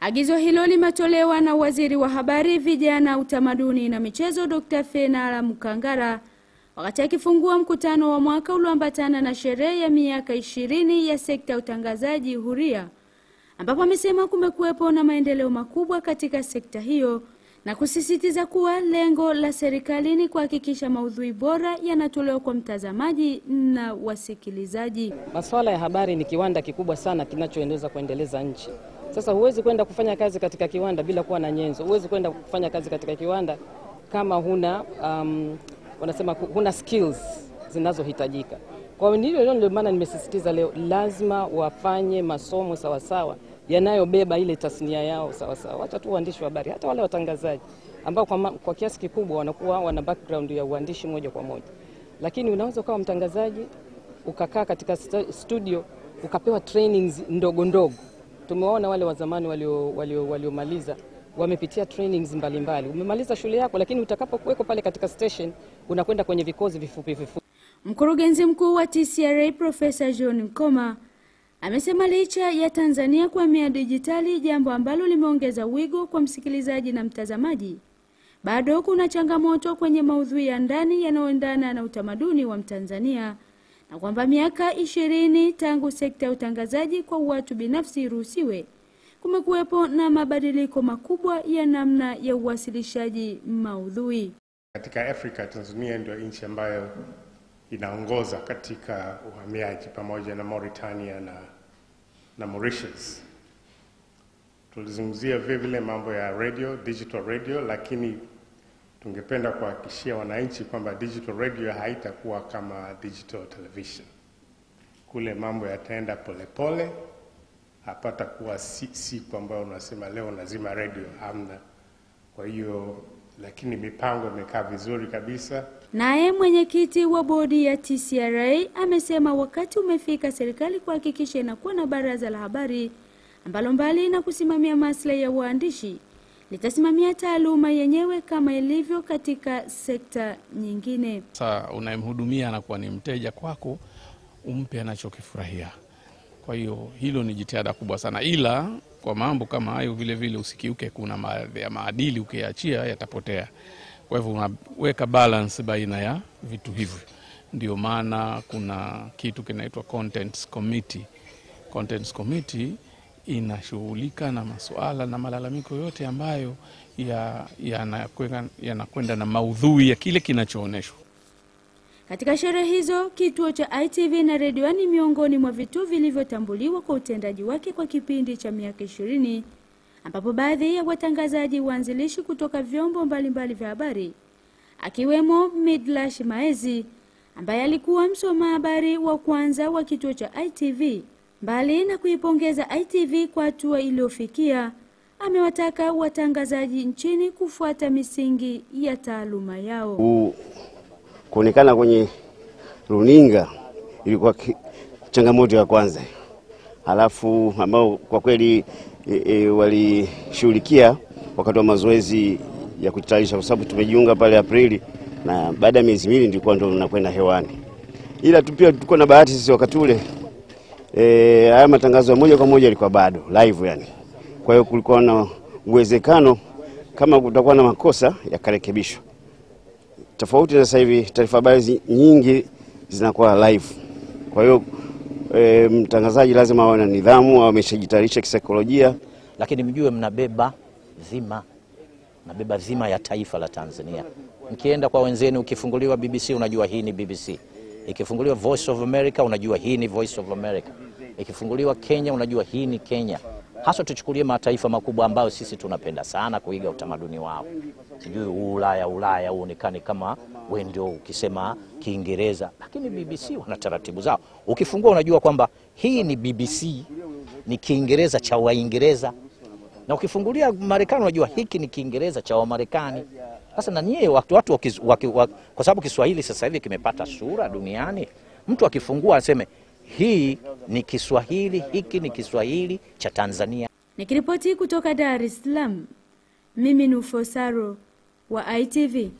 Agizo hilo limetolewa na Waziri wa Habari, Vijana, Utamaduni na Michezo, Dr. Fenala Mukangara wakati akifungua mkutano wa mwaka ulioambatana na sherehe ya miaka ishirini ya sekta ya utangazaji huria, ambapo amesema kumekuwepo na maendeleo makubwa katika sekta hiyo na kusisitiza kuwa lengo la serikali ni kuhakikisha maudhui bora yanatolewa kwa mtazamaji na wasikilizaji. Masuala ya habari ni kiwanda kikubwa sana kinachoendeleza kuendeleza nchi. Sasa huwezi kwenda kufanya kazi katika kiwanda bila kuwa na nyenzo, huwezi kwenda kufanya kazi katika kiwanda kama huna um, wanasema huna skills zinazohitajika. Kwa hiyo ndio maana nimesisitiza leo, lazima wafanye masomo sawasawa yanayobeba ile tasnia yao sawasawa, wacha tu uandishi wa habari, hata wale watangazaji ambao kwa, kwa kiasi kikubwa wanakuwa wana background ya uandishi moja kwa moja, lakini unaweza ukawa mtangazaji ukakaa katika studio ukapewa trainings ndogo ndogo tumewaona wale wa zamani waliomaliza wamepitia trainings mbalimbali Umemaliza shule yako lakini utakapokuwekwa pale katika station unakwenda kwenye vikozi vifupi vifupi. Mkurugenzi mkuu wa TCRA Profesa John Mkoma amesema licha ya Tanzania kuhamia dijitali, jambo ambalo limeongeza wigo kwa msikilizaji na mtazamaji, bado kuna changamoto kwenye maudhui ya ndani yanayoendana na utamaduni wa Mtanzania na kwamba miaka ishirini tangu sekta ya utangazaji kwa watu binafsi iruhusiwe, kumekuwepo na mabadiliko makubwa ya namna ya uwasilishaji maudhui. Katika Afrika, Tanzania ndio nchi ambayo inaongoza katika uhamiaji pamoja na Mauritania na, na Mauritius. Tulizungumzia vile vile mambo ya radio, digital radio, lakini Tungependa kuhakikishia wananchi kwamba digital radio haitakuwa kama digital television. Kule mambo yataenda polepole, hapata kuwa siku si ambayo unasema leo lazima radio, hamna. Kwa hiyo lakini mipango imekaa vizuri kabisa. Naye mwenyekiti wa bodi ya TCRA amesema wakati umefika serikali kuhakikisha inakuwa na baraza la habari ambalo mbali na kusimamia maslahi ya waandishi litasimamia taaluma yenyewe kama ilivyo katika sekta nyingine. Sa unayemhudumia anakuwa ni mteja kwako, umpe anachokifurahia. Kwa hiyo hilo ni jitihada kubwa sana, ila kwa mambo kama hayo vilevile usikiuke, kuna baadhi ya maadili ukiachia yatapotea. Kwa hivyo unaweka balance baina ya vitu hivyo, ndio maana kuna kitu kinaitwa contents committee. Contents committee inashughulika na masuala na malalamiko yote ambayo yanakwenda ya ya na maudhui ya kile kinachoonyeshwa. Katika sherehe hizo, kituo cha ITV na redio ni miongoni mwa vituo vilivyotambuliwa kwa utendaji wake kwa kipindi cha miaka ishirini ambapo baadhi ya watangazaji waanzilishi kutoka vyombo mbalimbali vya habari akiwemo Midlash Maezi ambaye alikuwa msoma habari wa kwanza wa kituo cha ITV Mbali na kuipongeza ITV kwa hatua iliyofikia, amewataka watangazaji nchini kufuata misingi ya taaluma yao. Kuonekana kwenye runinga ilikuwa changamoto ya kwanza, halafu ambao kwa kweli e, e, walishughulikia wakati wa mazoezi ya kujitayarisha, kwa sababu tumejiunga pale Aprili na baada ya miezi miwili ndikuwa ndo nakwenda hewani, ila tu pia tulikuwa na bahati sisi wakati ule e, haya matangazo ya moja kwa moja yalikuwa bado live yani. Kwa hiyo kulikuwa na uwezekano kama kutakuwa na makosa yakarekebishwa, tofauti na sasa hivi taarifa habari nyingi zinakuwa live. Kwa hiyo e, mtangazaji lazima awe na nidhamu, awe ameshajitayarisha kisaikolojia. Lakini mjue mnabeba dhima, mnabeba dhima ya taifa la Tanzania. Mkienda kwa wenzenu, ukifunguliwa BBC unajua hii ni BBC. Ikifunguliwa Voice of America unajua hii ni Voice of America. Ikifunguliwa Kenya unajua hii ni Kenya. Hasa tuchukulie mataifa makubwa ambayo sisi tunapenda sana kuiga utamaduni wao. Sijui Ulaya, Ulaya uonekane kama wewe ndio ukisema Kiingereza, lakini BBC wana taratibu zao. Ukifungua unajua kwamba hii ni BBC, ni Kiingereza cha Waingereza, na ukifungulia Marekani unajua hiki ni Kiingereza cha Wamarekani. Sasa na nyie watu, watu waki, waki, waki, kwa sababu Kiswahili sasa hivi kimepata sura duniani, mtu akifungua aseme hii ni Kiswahili, hiki ni Kiswahili cha Tanzania. Nikiripoti kutoka Dar es Salaam, mimi ni Ufosaro wa ITV.